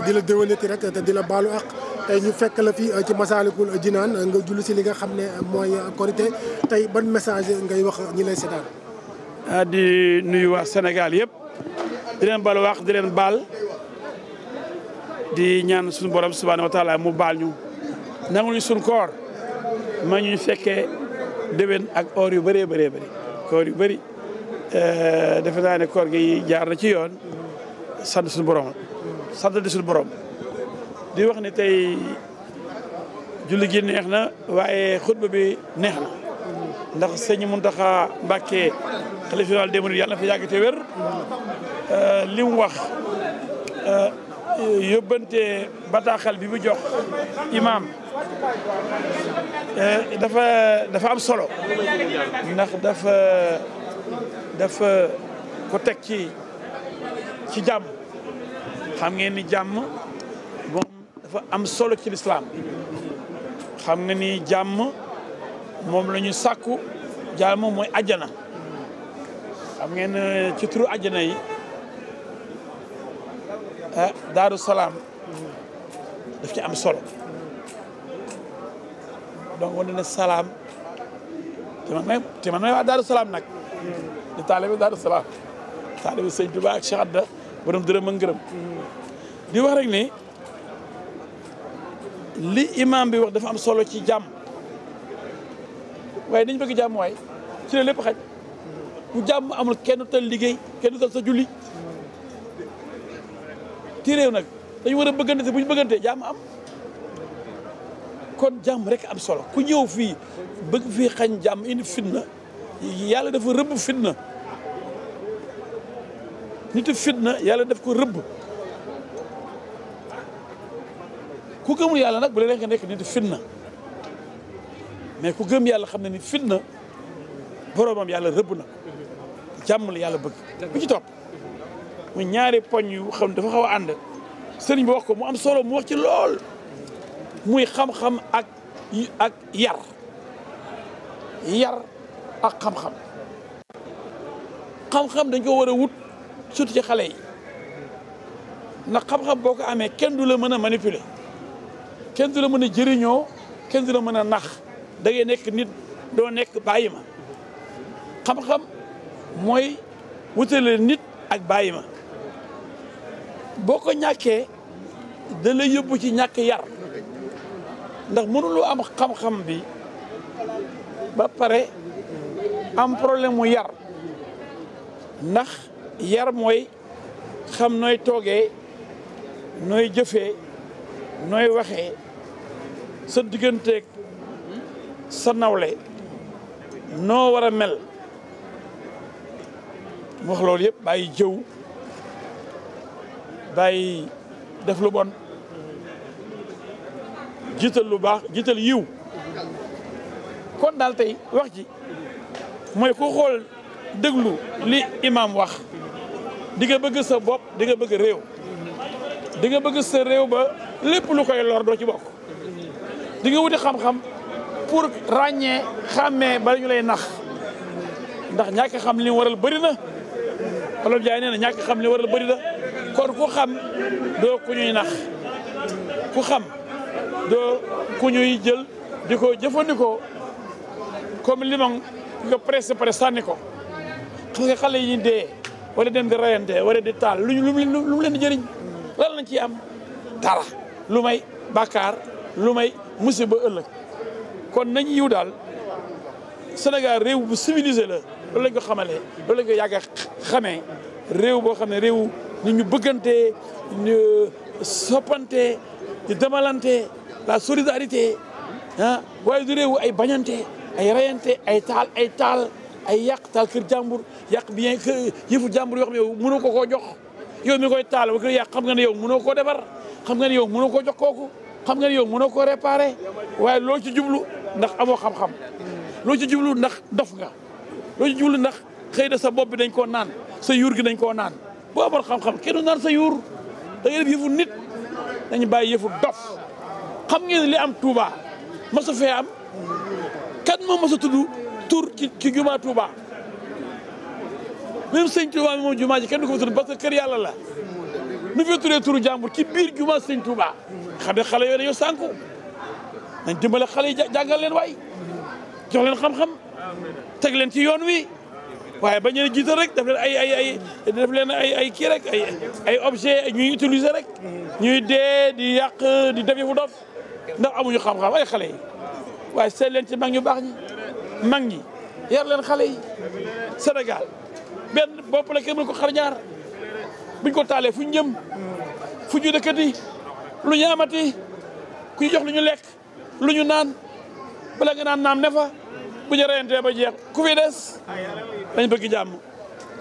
te di la déwénati rek te di la baalu ak tey ñu fekk la fi ci Masaalikul Jinaan nga julli si li nga xam ne mooy korité tey ban message ngay wax ñi lay seetaan. Ah, di nuyu waa Sénégal yëpp di leen baal wax di leen baal di ñaan suñu borom subhaanahu wa mu baal ñu. nangu ñu suñ koor ma ñu fekkee déwén ak or yu bëree bëree bëri koor yu bëri eh, defe naa ne koor gi jaar na ci yoon sant suñu borom. sant di suñu borom di wax ne tey julli gi neex na waaye xutba bi neex na ndax sëñ Muntaxa Mbàkke xalifa général des mourides yàlla na fa yàgg te wér euh, li wax euh, yóbbante bataaxal bi mu jox imaam euh, dafa dafa am solo ndax dafa dafa ko teg ci ci jàmm xam ngeen ni jàmm moom dafa am solo ci lislaam xam nga ni jàmm moom la ñu sàkku jàmm mooy ajjana xam ngeen euh, ci turu ajjana yi ah salaam daf ci am solo donc wane na salaam te man may te man salaam nag di taalibe daaru salaam taalibe sëñ Tuubaa ak borom dërëm ak ngërëm di wax rek ni li imam bi wax dafa am solo ci jàmm waaye dañu bëgg jàmm waaye ci la lépp xaj bu jàmm amul kenn du tal liggéey kenn du tal sa julli ci nag dañu war a bëggante bu buñ bëggante jàmm am kon jàmm rek am solo ku ñëw fii bëgg fii xañ jàmm indi fitna yàlla dafa rëbb fitna nitu fitna yàlla def ko rëbb ku gëmul yàlla nag bu leen nga nekk nitu fitna mais ku gëm yàlla xam ne ni fitna boroomam yàlla rëbb na jàmm la yàlla bëgg bu ci topp mu ñaari poñ yu xam dafa xaw a ànd sëriñ bi wax ko mu am solo mu wax ci lool muy xam-xam ak ak yar yar ak xam-xam xam-xam dañ ko war a wut sut ci xale yi ndax xam-xam boo ko amee kenn du la mën a manipuler kenn du la mën a jëriñoo kenn du la mën a nax da nekk nit doo nekk bàyyi ma xam-xam mooy wutale nit ak bàyyi ma boo ko ñàkkee da lay yóbbu ci ñàkk yar ndax mënuloo am xam-xam bi ba pare am problème mu yar ndax yar mooy xam nooy toogee nooy jëfee nooy waxee sa digganteeg sa nawle noo war a mel mu wax loolu yëpp bàyyi jëw bàyyi def lu bon jiital lu baax jiital yiw kon daal tey wax ji mooy ku xool déglu li imam wax di nga bëgg sa bopp di nga bëgg réew di nga bëgg sa réew ba lépp lu koy lor doo ci bokk di nga wuti xam-xam pour ràññee xàmmee bala nax ndax ñàkk xam li waral bëri na Wolof Njaay nee na ñàkk xam li waral bëri na kon ku xam doo ku ñuy nax ku xam doo ku ñuy jël di ko jëfandikoo comme limon nga pressé pare sànni ko gis nga xale yi dee wala dem di rayante wala di taal luñ lu mu leen di jëriñ lan lañ ciy am dara lu may bàkkaar lu may musiba ëllëg kon nañu yiw daal Sénégal réew bu civilisé la loolu lañ ko xamalee loolu lañ ko réew boo xam ne réew nit ñu bëggante ñu soppante di demalante la solidarité ah waaye du réew ay bañante ay rayante ay taal ay taal ay yàq taal kër jàmbur yàq bien kër yëfu jàmbur yoo xam ne yow mënoo ko koo jox yow mi koy taal ba kër yàq xam nga ne yow mënoo koo defar xam nga ne yow mënoo koo jox kooku xam nga ne yow mënoo koo réparé waaye loo ci jublu ndax amoo xam-xam loo ci jublu ndax dof nga loo ci jublu ndax xëy na sa bopp bi dañ koo naan sa yuur gi dañ koo naan boo amoon xam-xam kenn naan sa yuur da ngay def yëfu nit dañu bàyyi yëfu dof xam ngeen li am Touba mosu fee am kan moo mos a tur ci ci jumaa Touba même sëñ Touba mi moom jumaa ji kenn du ko tudd parce que kër yàlla la nu fi turee turu jàmbur ci biir jumaa sëñ Touba xam ne xale yooyu dañoo sànku nañ dimbale xale yi jàngal leen waay jox leen xam-xam teg leen ci yoon wi waaye bañ leen jiital rek daf leen ay ay ay daf leen ay ay kii rek ay ay objet ñuy utilise rek ñuy dee di yàq di def fu dof ndax amuñu xam-xam ay xale yi waaye seet leen ci mag ñu baax ñi mag ñi yar leen xale yi Sénégal benn bopp la kenn ko xar ñaar buñ ko taalee fu ñu jëm fu ñu dëkkati lu ñu amati ku ñu jox lu ñu lekk lu ñu naan bala nga naan naam nefa fa bu ñu reyantee ba jeex ku fi des dañ bëgg jàmm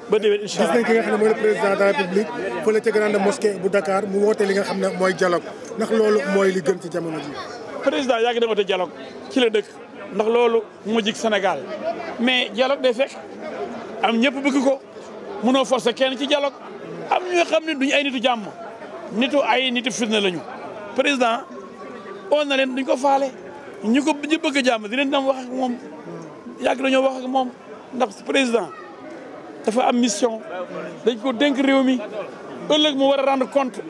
ba déwén incha allah gis xam ne mooy le président de la république fële ca grande mosquée bu Dakar mu woote li nga xam ne mooy dialogue ndax loolu mooy li gën ci jamono ji président yàgg na woote dialogue ci la dëkk ndax loolu moo jig Sénégal mais dialogue day fekk am ñëpp bëgg ko mënoo forcer kenn ci dialogue am ñoo xam ne duñ ay nitu jàmm nitu ay nitu fitna lañu président oo na leen duñ ko faale ñu ko ñu bëgg a jàmm di leen dam wax moom yàgg dañoo wax ak moom ndax président dafa am mission dañ ko dénk réew mi ëllëg mu war a rendre compte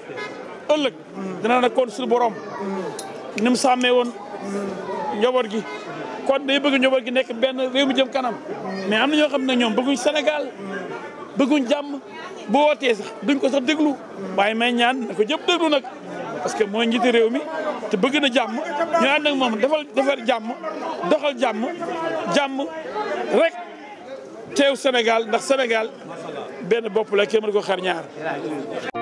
ëllëg dina rendre compte suñu borom ni mu sàmmee woon njaboot gi kon day bëgg njaboot gi nekk benn réew mi jëm kanam mais am na ñoo xam ne ñoom bëgguñ Sénégal bëgguñ jàmm bu wootee sax duñ ko sax déglu waaye mais ñaan na ko jëpp déglu nag parce que mooy njiiti réew mi te bëgg na jàmm ñu ànd ak moom defal defar jàmm doxal jàmm jàmm rek teew Sénégal ndax Sénégal benn bopp la kenn mën ko xar